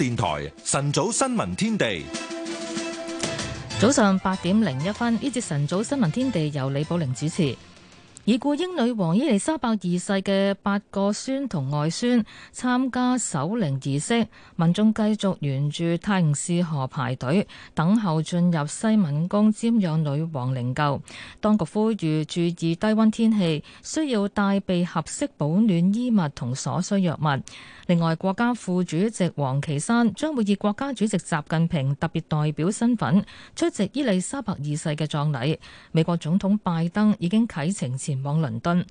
電台晨早新聞天地，早上八點零一分，呢節晨早新聞天地由李寶玲主持。已故英女王伊莉莎白二世嘅八個孫同外孫參加守靈儀式，民眾繼續沿住泰晤士河排隊等候進入西敏宮瞻仰女王靈柩。當局呼籲注意低溫天氣，需要帶備合適保暖衣物同所需藥物。另外，國家副主席王岐山將會以國家主席習近平特別代表身份出席伊莉莎白二世嘅葬禮，美國總統拜登已經啟程前。前往倫敦，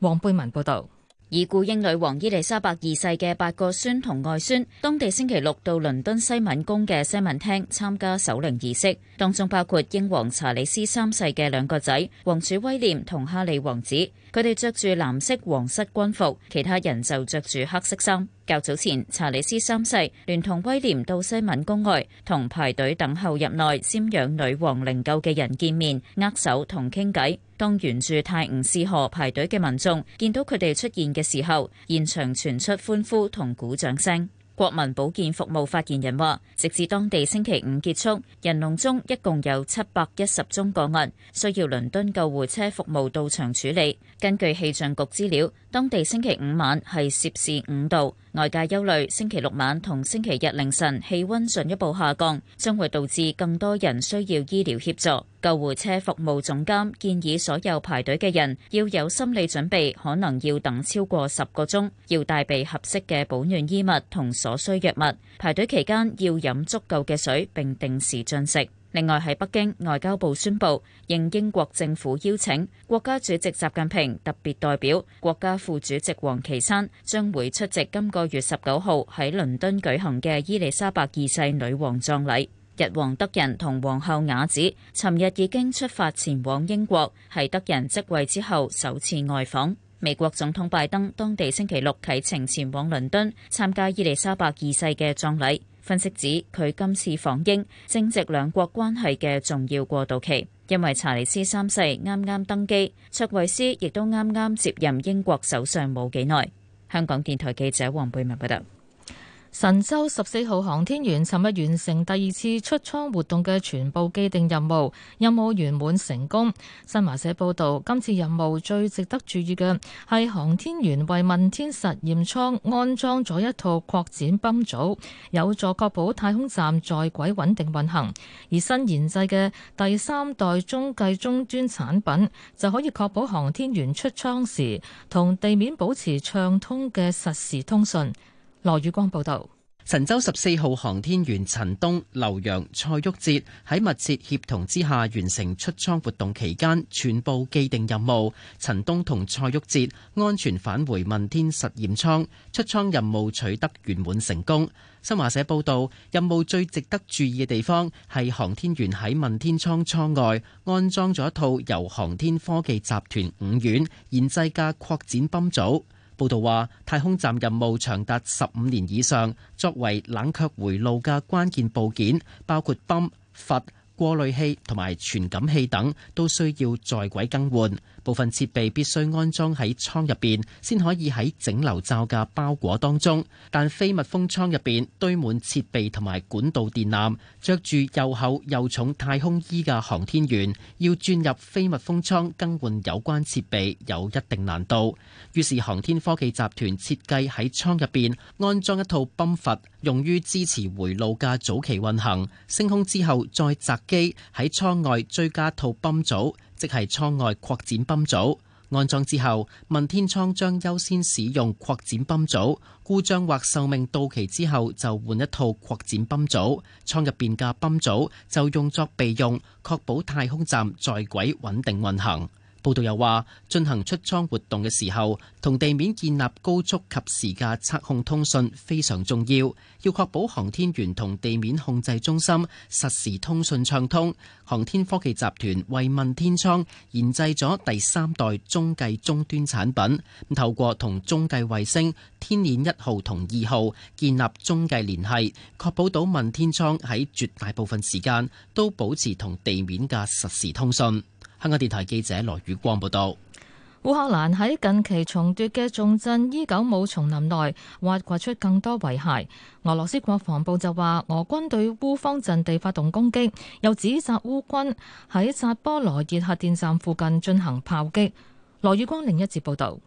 黃貝文報道。已故英女王伊麗莎白二世嘅八個孫同外孫，當地星期六到倫敦西敏宮嘅西敏廳參加守靈儀式，當中包括英皇查理斯三世嘅兩個仔，王儲威廉同哈利王子。佢哋着住藍色皇室軍服，其他人就着住黑色衫。較早前，查理斯三世聯同威廉到西敏宮外，同排隊等候入內瞻仰女王靈柩嘅人見面，握手同傾偈。當沿住泰晤士河排隊嘅民眾見到佢哋出現嘅時候，現場傳出歡呼同鼓掌聲。國民保健服務發言人話，直至當地星期五結束，人龍中一共有七百一十宗個案，需要倫敦救護車服務到場處理。根據氣象局資料，當地星期五晚係攝氏五度，外界憂慮星期六晚同星期日凌晨氣温進一步下降，將會導致更多人需要醫療協助。救護車服務總監建議所有排隊嘅人要有心理準備，可能要等超過十個鐘，要帶備合適嘅保暖衣物同所需藥物。排隊期間要飲足夠嘅水並定時進食。另外喺北京，外交部宣布，應英國政府邀請，國家主席習近平特別代表、國家副主席王岐山將會出席今個月十九號喺倫敦舉行嘅伊麗莎白二世女王葬禮。日皇德仁同皇后雅子尋日已經出發前往英國，係德仁即位之後首次外訪。美國總統拜登當地星期六啟程前往倫敦參加伊麗莎白二世嘅葬禮。分析指佢今次訪英正值兩國關係嘅重要過渡期，因為查理斯三世啱啱登基，卓維斯亦都啱啱接任英國首相冇幾耐。香港電台記者黃貝文報道。神舟十四號航天員尋日完成第二次出艙活動嘅全部既定任務，任務圓滿成功。新華社報道，今次任務最值得注意嘅係航天員為問天實驗艙安裝咗一套擴展泵組，有助確保太空站在軌穩定運行。而新研製嘅第三代中繼終端產品，就可以確保航天員出艙時同地面保持暢通嘅實時通訊。羅宇光報道，神舟十四號航天員陳冬、劉洋、蔡旭哲喺密切協同之下，完成出艙活動期間全部既定任務。陳冬同蔡旭哲安全返回問天實驗艙，出艙任務取得圓滿成功。新華社報道，任務最值得注意嘅地方係航天員喺問天艙艙外安裝咗一套由航天科技集團五院研制嘅擴展泵組。報道話，太空站任務長達十五年以上，作為冷卻回路嘅關鍵部件，包括泵、閥、過濾器同埋傳感器等，都需要在軌更換。部分設備必須安裝喺艙入邊，先可以喺整流罩嘅包裹當中。但非密封艙入邊堆滿設備同埋管道電纜，着住又厚又重太空衣嘅航天員要鑽入非密封艙更換有關設備，有一定難度。於是航天科技集團設計喺艙入邊安裝一套泵閥，用於支持回路嘅早期運行。升空之後再擇機喺艙外追加套泵組。即係艙外擴展泵組安裝之後，問天艙將優先使用擴展泵組。故障或壽命到期之後，就換一套擴展泵組。艙入邊嘅泵組就用作備用，確保太空站在軌穩定運行。報道又話，進行出艙活動嘅時候，同地面建立高速及時嘅測控通訊非常重要，要確保航天員同地面控制中心實時通訊暢通。航天科技集團為問天艙研製咗第三代中繼終端產品，透過同中繼衛星天鏈一號同二號建立中繼聯繫，確保到問天艙喺絕大部分時間都保持同地面嘅實時通訊。香港電台記者羅宇光報道，烏克蘭喺近期重奪嘅重鎮伊久姆松林內挖掘出更多遺骸。俄羅斯國防部就話，俄軍對烏方陣地發動攻擊，又指責烏軍喺扎波羅熱核電站附近進行炮擊。羅宇光另一節報道，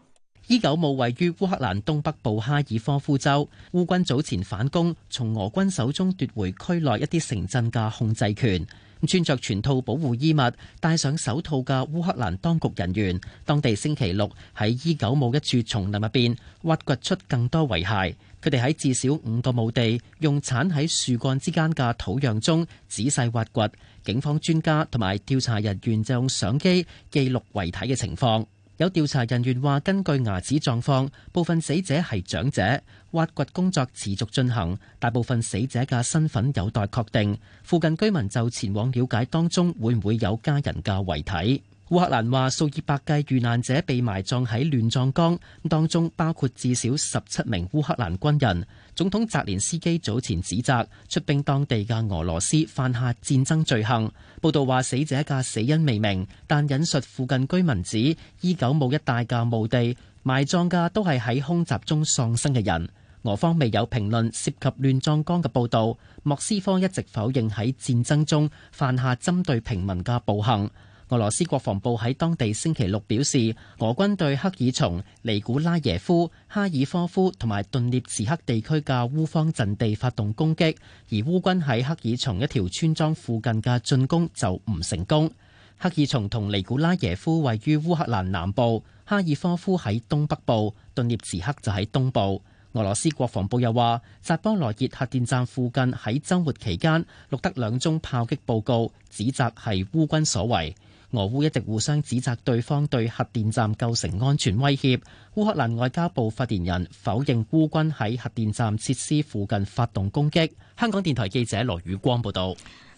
伊久姆位於烏克蘭東北部哈爾科夫州，烏軍早前反攻，從俄軍手中奪回區內一啲城鎮嘅控制權。穿着全套保護衣物、戴上手套嘅烏克蘭當局人員，當地星期六喺伊久姆一處松林入邊挖掘出更多遺骸。佢哋喺至少五個墓地用鏟喺樹幹之間嘅土壤中仔細挖掘。警方專家同埋調查人員就用相機記錄遺體嘅情況。有調查人員話，根據牙齒狀況，部分死者係長者。挖掘工作持續進行，大部分死者嘅身份有待確定。附近居民就前往了解當中會唔會有家人嘅遺體。烏克蘭話，數以百計遇難者被埋葬喺亂葬崗，咁當中包括至少十七名烏克蘭軍人。總統澤連斯基早前指責出兵當地嘅俄羅斯犯下戰爭罪行。報道話死者嘅死因未明，但引述附近居民指，伊久姆一帶嘅墓地埋葬嘅都係喺空襲中喪生嘅人。俄方未有評論涉及亂葬崗嘅報道。莫斯科一直否認喺戰爭中犯下針對平民嘅暴行。俄羅斯國防部喺當地星期六表示，俄軍對克爾松、尼古拉耶夫、哈爾科夫同埋頓涅茨克地區嘅烏方陣地發動攻擊，而烏軍喺克爾松一條村莊附近嘅進攻就唔成功。克爾松同尼古拉耶夫位於烏克蘭南部，哈爾科夫喺東北部，頓涅茨克就喺東部。俄羅斯國防部又話，扎波羅熱核電站附近喺周末期間錄得兩宗炮擊報告，指責係烏軍所為。俄烏一直互相指責對方對核電站構成安全威脅。烏克蘭外交部發言人否認烏軍喺核電站設施附近發動攻擊。香港電台記者羅宇光報道。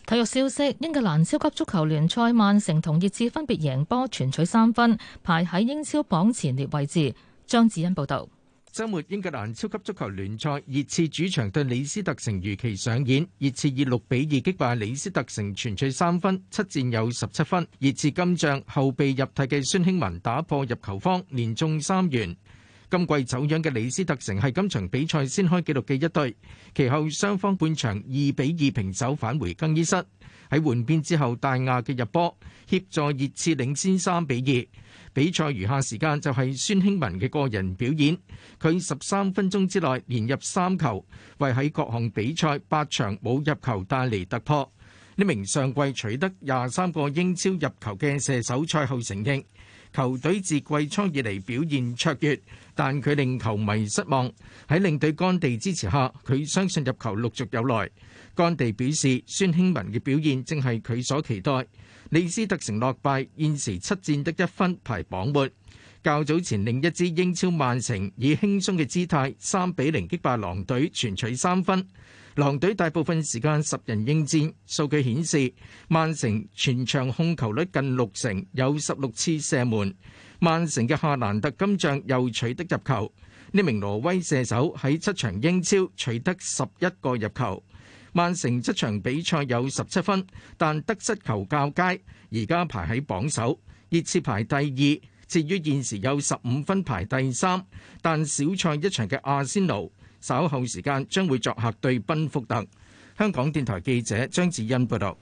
體育消息，英格蘭超級足球聯賽曼城同熱刺分別贏波，全取三分，排喺英超榜前列位置。張子欣報道。周末英格蘭超級足球聯賽熱刺主場對李斯特城如期上演，熱刺以六比二擊敗李斯特城，全取三分，七戰有十七分。熱刺今仗後備入替嘅孫興文打破入球荒，連中三元。今季走樣嘅李斯特城係今場比賽先開紀錄嘅一隊，其後雙方半場二比二平手，返回更衣室。喺換邊之後大，大亞嘅入波協助熱刺領先三比二。比賽餘下時間就係孫興文嘅個人表演，佢十三分鐘之內連入三球，為喺各項比賽八場冇入球帶嚟突破。呢名上季取得廿三個英超入球嘅射手賽後承認，球隊自季初以嚟表現卓越，但佢令球迷失望。喺領隊干地支持下，佢相信入球陸續有來。干地表示，孫興文嘅表現正係佢所期待。利斯特城落敗，現時七戰得一分排榜末。較早前另一支英超曼城以輕鬆嘅姿態三比零擊敗狼隊，全取三分。狼隊大部分時間十人應戰，數據顯示曼城全場控球率近六成，有十六次射門。曼城嘅夏蘭特今仗又取得入球，呢名挪威射手喺七場英超取得十一個入球。曼城七場比賽有十七分，但得失球較佳，而家排喺榜首，熱刺排第二，至於現時有十五分排第三，但少賽一場嘅阿仙奴，稍後時間將會作客對賓福特。香港電台記者張子欣報道。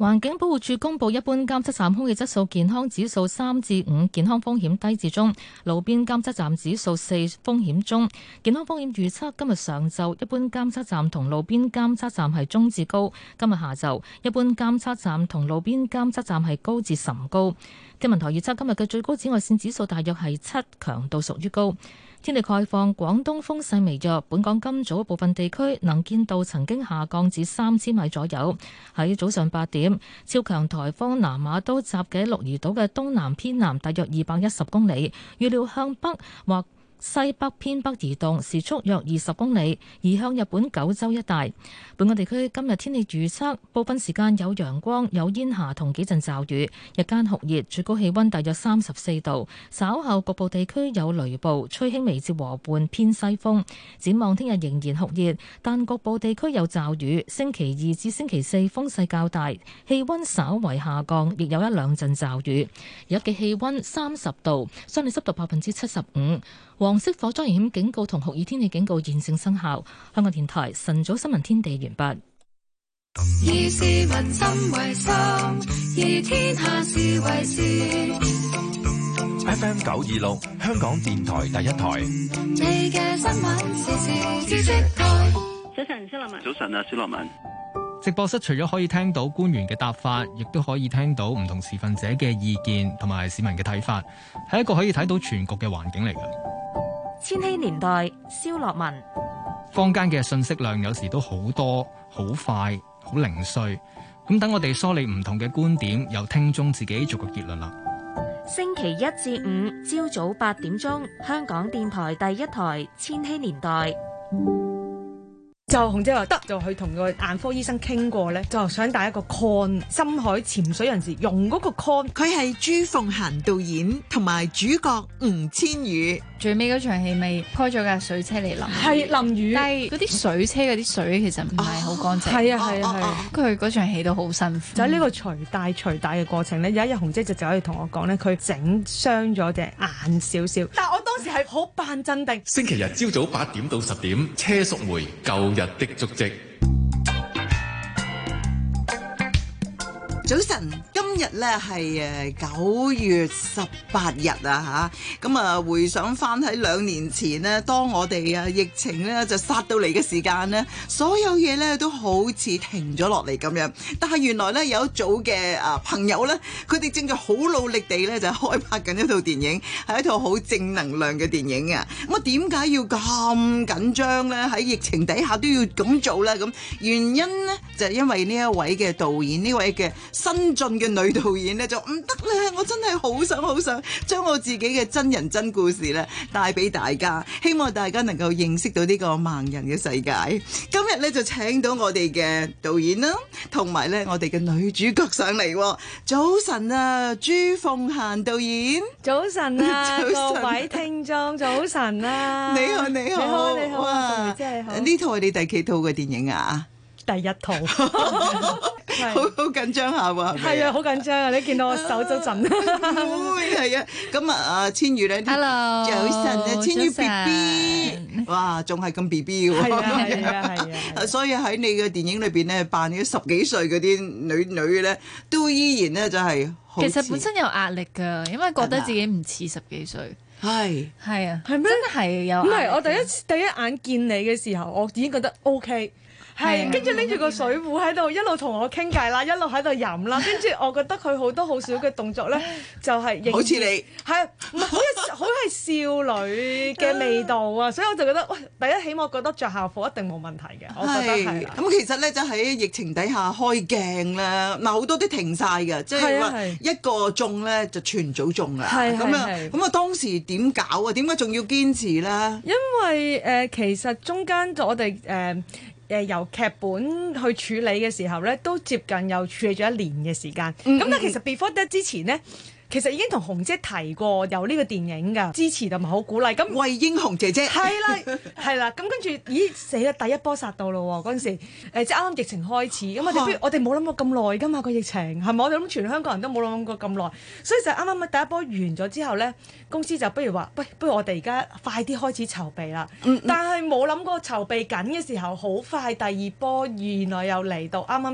環境保護署公佈一般監測站空氣質素健康指數三至五，健康風險低至中；路邊監測站指數四，風險中。健康風險預測今日上晝一般監測站同路邊監測站係中至高，今日下晝一般監測站同路邊監測站係高至甚高。天文台預測今日嘅最高紫外線指數大約係七，強度屬於高。天氣概況，廣東風勢微弱。本港今早部分地區能見度曾經下降至三千米左右。喺早上八點，超強颱風南馬都集嘅鹿兒島嘅東南偏南，大約二百一十公里，預料向北或西北偏北移動，時速約二十公里，移向日本九州一帶。本港地區今日天氣預測，部分時間有陽光、有煙霞同幾陣驟雨，日間酷熱，最高氣温大約三十四度。稍後局部地區有雷暴，吹輕微至和緩偏西風。展望聽日仍然酷熱，但局部地區有驟雨。星期二至星期四風勢較大，氣温稍為下降，亦有一兩陣驟雨。日嘅氣温三十度，相對濕度百分之七十五。黃色火災危險警告同酷熱天氣警告現正生效。香港電台晨早新聞天地完畢。以市民心為心，以天下事為事。F.M. 九二六， 26，香港電台第一台。你嘅新聞，早晨，小樂文。早晨啊，小樂文。直播室除咗可以聽到官員嘅答法，亦都可以聽到唔同持份者嘅意見同埋市民嘅睇法，係一個可以睇到全局嘅環境嚟嘅。千禧年代，蕭樂文。坊間嘅信息量有時都好多、好快、好零碎，咁等我哋梳理唔同嘅觀點，由聽眾自己做個結論啦。星期一至五朝早八點鐘，香港電台第一台《千禧年代》。就紅姐話得，就去同個眼科醫生傾過咧，就想戴一個 con 深海潛水人士用嗰個 con。佢係朱鳳嫻導演同埋主角吳千語。最尾嗰場戲咪開咗架水車嚟淋，係淋雨。淋雨但係嗰啲水車嗰啲水其實唔係好乾淨。係、哦、啊係啊係，佢嗰、啊啊、場戲都好辛苦。就喺呢個除戴除戴嘅過程咧，有一日紅姐就就可以同我講咧，佢整傷咗隻眼少少。但係好扮鎮定。星期日朝早八點到十點，車淑梅《舊日的足跡》。早晨。今日咧係誒九月十八日啊吓，咁啊回想翻喺兩年前咧，當我哋啊疫情咧就殺到嚟嘅時間咧，所有嘢咧都好似停咗落嚟咁樣。但係原來咧有一組嘅啊朋友咧，佢哋正在好努力地咧就開拍緊一套電影，係一套好正能量嘅電影啊。咁啊點解要咁緊張咧？喺疫情底下都要咁做咧？咁原因咧就係因為呢一位嘅導演，呢位嘅新晉嘅女。導演咧就唔得咧，我真係好想好想將我自己嘅真人真故事咧帶俾大家，希望大家能夠認識到呢個盲人嘅世界。今日咧就請到我哋嘅導演啦，同埋咧我哋嘅女主角上嚟。早晨啊，朱鳳嫻導演，早晨啊 早晨啊各位聽眾，早晨啊你，你好你好你好你好，真係好。呢哇套係你第幾套嘅電影啊？第一套 是 好，好好緊張下喎，係啊，好緊張啊！你見到我手都震，係啊，咁、嗯嗯嗯、啊，千語咧，Hello，早晨啊，千語 B B，哇，仲係咁 B B 嘅，係啊，係 啊，啊啊啊 所以喺你嘅電影裏邊咧，扮咗十幾歲嗰啲女女咧，都依然咧就係，其實本身有壓力噶，因為覺得自己唔似十幾歲，係，係啊，係咩唉？啊、真係有，唔係我第一次第一眼見你嘅時候，我已經覺得 O、OK、K。係，跟住拎住個水壺喺度一路同我傾偈啦，一路喺度飲啦。跟住我覺得佢好多好少嘅動作咧，就係好似你係，唔係，好似少女嘅味道啊！所以我就覺得，喂，第一起碼覺得着校服一定冇問題嘅。我覺得係。咁其實咧，就喺疫情底下開鏡啦，嗱好多都停晒㗎，即係話一個中咧就全組中啦。係咁啊咁啊，當時點搞啊？點解仲要堅持咧？因為誒，其實中間我哋誒。誒、呃、由劇本去處理嘅時候咧，都接近又處理咗一年嘅時間。咁但、mm hmm. 其實 Before that 之前咧。其實已經同紅姐提過有呢個電影噶，支持同埋好鼓勵，咁魏英雄姐姐。係啦係啦。咁跟住咦，死啦，第一波殺到咯喎嗰陣時、呃、即係啱啱疫情開始咁啊、哦！我哋冇諗過咁耐㗎嘛個疫情係咪？我哋諗全香港人都冇諗過咁耐，所以就啱啱第一波完咗之後咧，公司就不如話，喂，不如我哋而家快啲開始籌備啦。嗯嗯、但係冇諗過籌備緊嘅時候，好快第二波原來又嚟到啱啱。剛剛